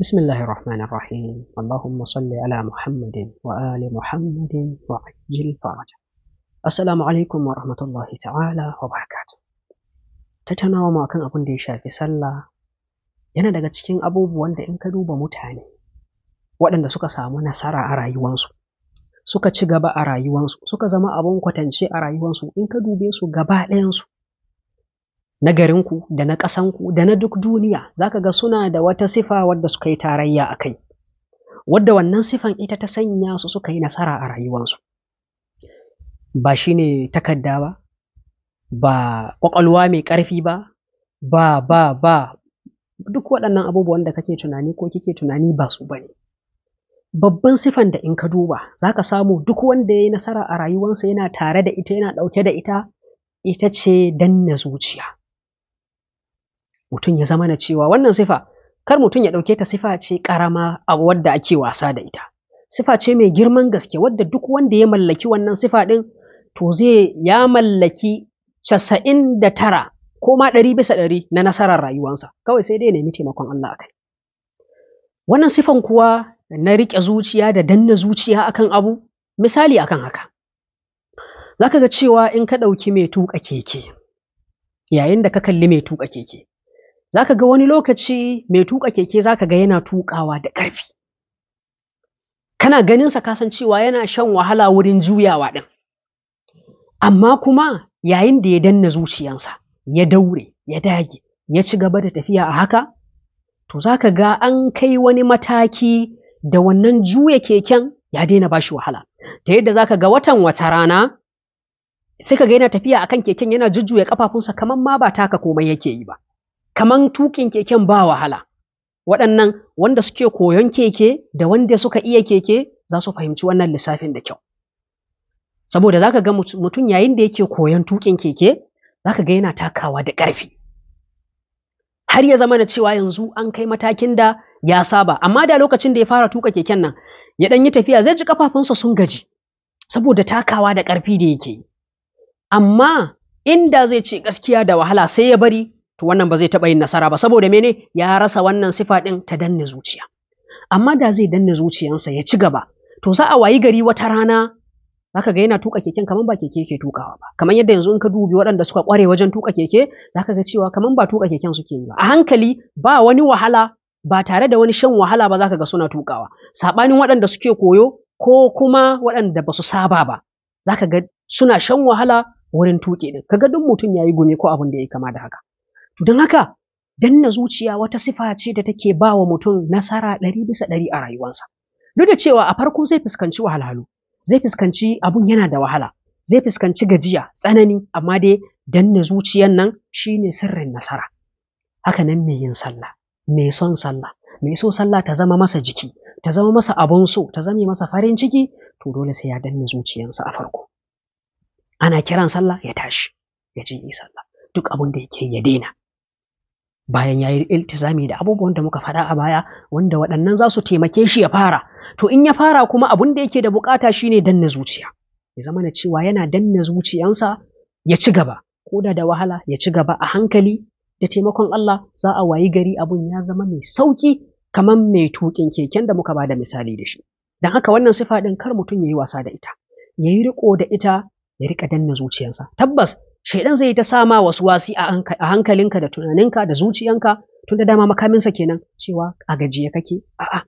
بسم الله الرحمن الرحيم اللهم صل على محمد وآل محمد وعجل فرجه السلام عليكم ورحمة الله تعالى وبركاته tattaunawa ma kan abin da ya shafi sallah yana daga cikin abubuwan da in ka duba mutane waɗanda suka samu nasara a rayuwansu suka ci gaba a rayuwansu suka zama abin kwatance a rayuwansu in ka dube su gaba ɗayansu na garinku da na ƙasanku da na duk duniya za ka ga suna da wata sifa wadda suka yi tarayya a kai wadda wannan sifan ita ta sanya su suka yi nasara a rayuwansu ba shi ne takarda ba ba ƙwaƙwalwa mai ƙarfi ba ba ba ba duk waɗannan abubuwan da kake tunani ko kike tunani ba su ba ne babban sifan da in ka duba za ka samu duk wanda ya yi nasara a rayuwansa yana tare da ita yana ɗauke da ita ita ce danna zuciya mutum ya zama na cewa wannan sifa kar mutum ya ɗauke ta sifa ce ƙarama a wadda ake wasa da ita sifa ce mai girman gaske wadda duk wanda ya mallaki wannan sifa ɗin to zai ya mallaki casa'in da tara ko ma ɗari bisa ɗari na nasarar rayuwansa kawai sai dai nemi taimakon Allah a kai. wannan sifan kuwa na riƙe zuciya da danna zuciya akan abu misali akan haka za ka ga cewa in ka ɗauki mai tuƙa keke yayin da ka kalli mai tuƙa keke za ka ga wani lokaci mai tuƙa keke za ka ga yana tuƙawa da ƙarfi kana ganinsa kasan cewa yana shan wahala wurin juyawa ɗin amma kuma yayin da ya danna zuciyansa ya daure ya dage ya ci gaba da tafiya a haka to za ka ga an kai wani mataki da wannan juya keken ya daina bashi wahala ta yadda za ka ga watan wata rana sai ka ga yana tafiya akan keken yana jujjuya kafafunsa kamar ma ba taka komai yake yi ba kaman tukin keken ba wahala waɗannan wanda suke koyon keke da wanda suka iya keke za su fahimci wannan lissafin da kyau saboda zaka ga mutum yayin da yake koyon tukin keke zaka ga yana takawa da ƙarfi har ya zama na cewa yanzu an kai matakin da ya saba amma da lokacin da ya fara tuka keken nan ya ɗan yi tafiya zai ji kafafunsa sun gaji saboda takawa da ƙarfi da yake yi amma inda zai ce gaskiya da wahala sai ya bari to wannan ba zai taɓa yin nasara ba saboda mene ya rasa wannan sifa ɗin ta danne zuciya amma da zai danne zuciyansa ya ci gaba to za a wayi gari wata rana zaka ga yana tuka keken kaman ba keke yake tukawa ba kaman yadda yanzu in ka dubi waɗanda suka kware wajen tuka keke zaka ga cewa kamar ba tuka keken suke yi ba a hankali ba wani wahala ba tare da wani shan wahala ba zaka ga suna tukawa sabanin waɗanda suke koyo ko kuma waɗanda ba su saba ba zaka ga suna shan wahala wurin tuke din kaga duk mutum ya yi gumi ko abin da ya kama da haka To don haka danna zuciya wata sifa ce da take ba wa mutum nasara ɗari bisa ɗari a rayuwarsa. Duk da cewa a farko zai fuskanci wahalhalu, zai fuskanci abun yana da wahala, zai fuskanci gajiya, tsanani, amma dai danna zuciyan nan shine sirrin nasara. Haka nan mai yin sallah, mai son sallah, mai so sallah ta zama masa jiki, ta zama masa abun so, ta zame masa farin ciki, to dole sai ya danna zuciyansa a farko. Ana kiran sallah ya tashi, ya ji yi sallah, duk abin da yake ya daina. bayan ya yi iltizami da abubuwan da muka faɗa a baya wanda waɗannan za su taimake shi ya fara to in ya fara kuma abun da yake da bukata shine danna zuciya ya zama na cewa yana danna zuciyansa ya ci gaba ko da da wahala ya ci gaba a hankali da taimakon Allah za a wayi gari abun ya zama mai sauki kamar mai tuƙin keken da muka ba da misali da shi dan haka wannan sifa ɗin kar mutum ya yi wasa da ita ya yi riko da ita ya riƙa danna zuciyarsa tabbas shaidan zai ta sama wasu wasi a hankalinka da tunaninka da zuciyanka tun da dama makaminsa kenan cewa a gajiya kake a'a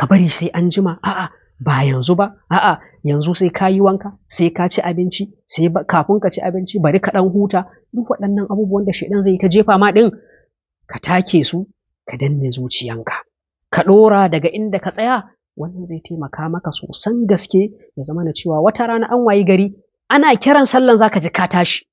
ka bari sai an jima a'a ba yanzu ba a'a yanzu sai ka yi wanka sai ka ci abinci sai kafin ka ci abinci bari ka dan huta duk waɗannan abubuwan da shaidan zai ta jefa ma din ka take su ka danne zuciyanka ka ɗora daga inda ka tsaya wannan zai taimaka maka sosan gaske ya zama na cewa wata rana an wayi gari ana kiran sallan zaka ji ka tashi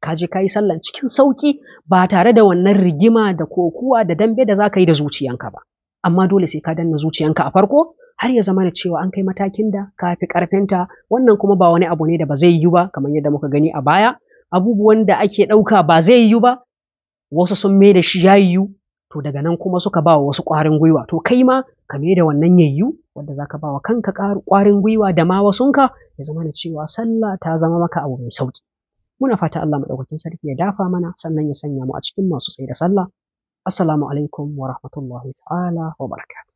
ka je ka yi sallan cikin sauki ba tare da wannan rigima da kokuwa da dambe da zaka yi da zuciyanka ba amma dole sai ka danna zuciyanka a farko har ya zama da cewa an kai matakin da ka fi karfinta wannan kuma ba wani abu ne da ba zai yiwu ba kamar yadda muka gani a baya abubuwan da ake ɗauka ba zai yiwu ba wasu sun mai da shi ya yu. to daga nan kuma suka ba wasu ƙwarin gwiwa to kai ma ka mai da wannan yayyu wanda zaka ba wa kanka ƙwarin gwiwa da ma wasunka ya zama na cewa sallah ta zama maka abu mai sauki muna fata Allah madaukakin sarki ya dafa mana sannan ya sanya mu a cikin masu tsaye da sallah assalamu alaikum wa rahmatullahi ta'ala wa barakatuh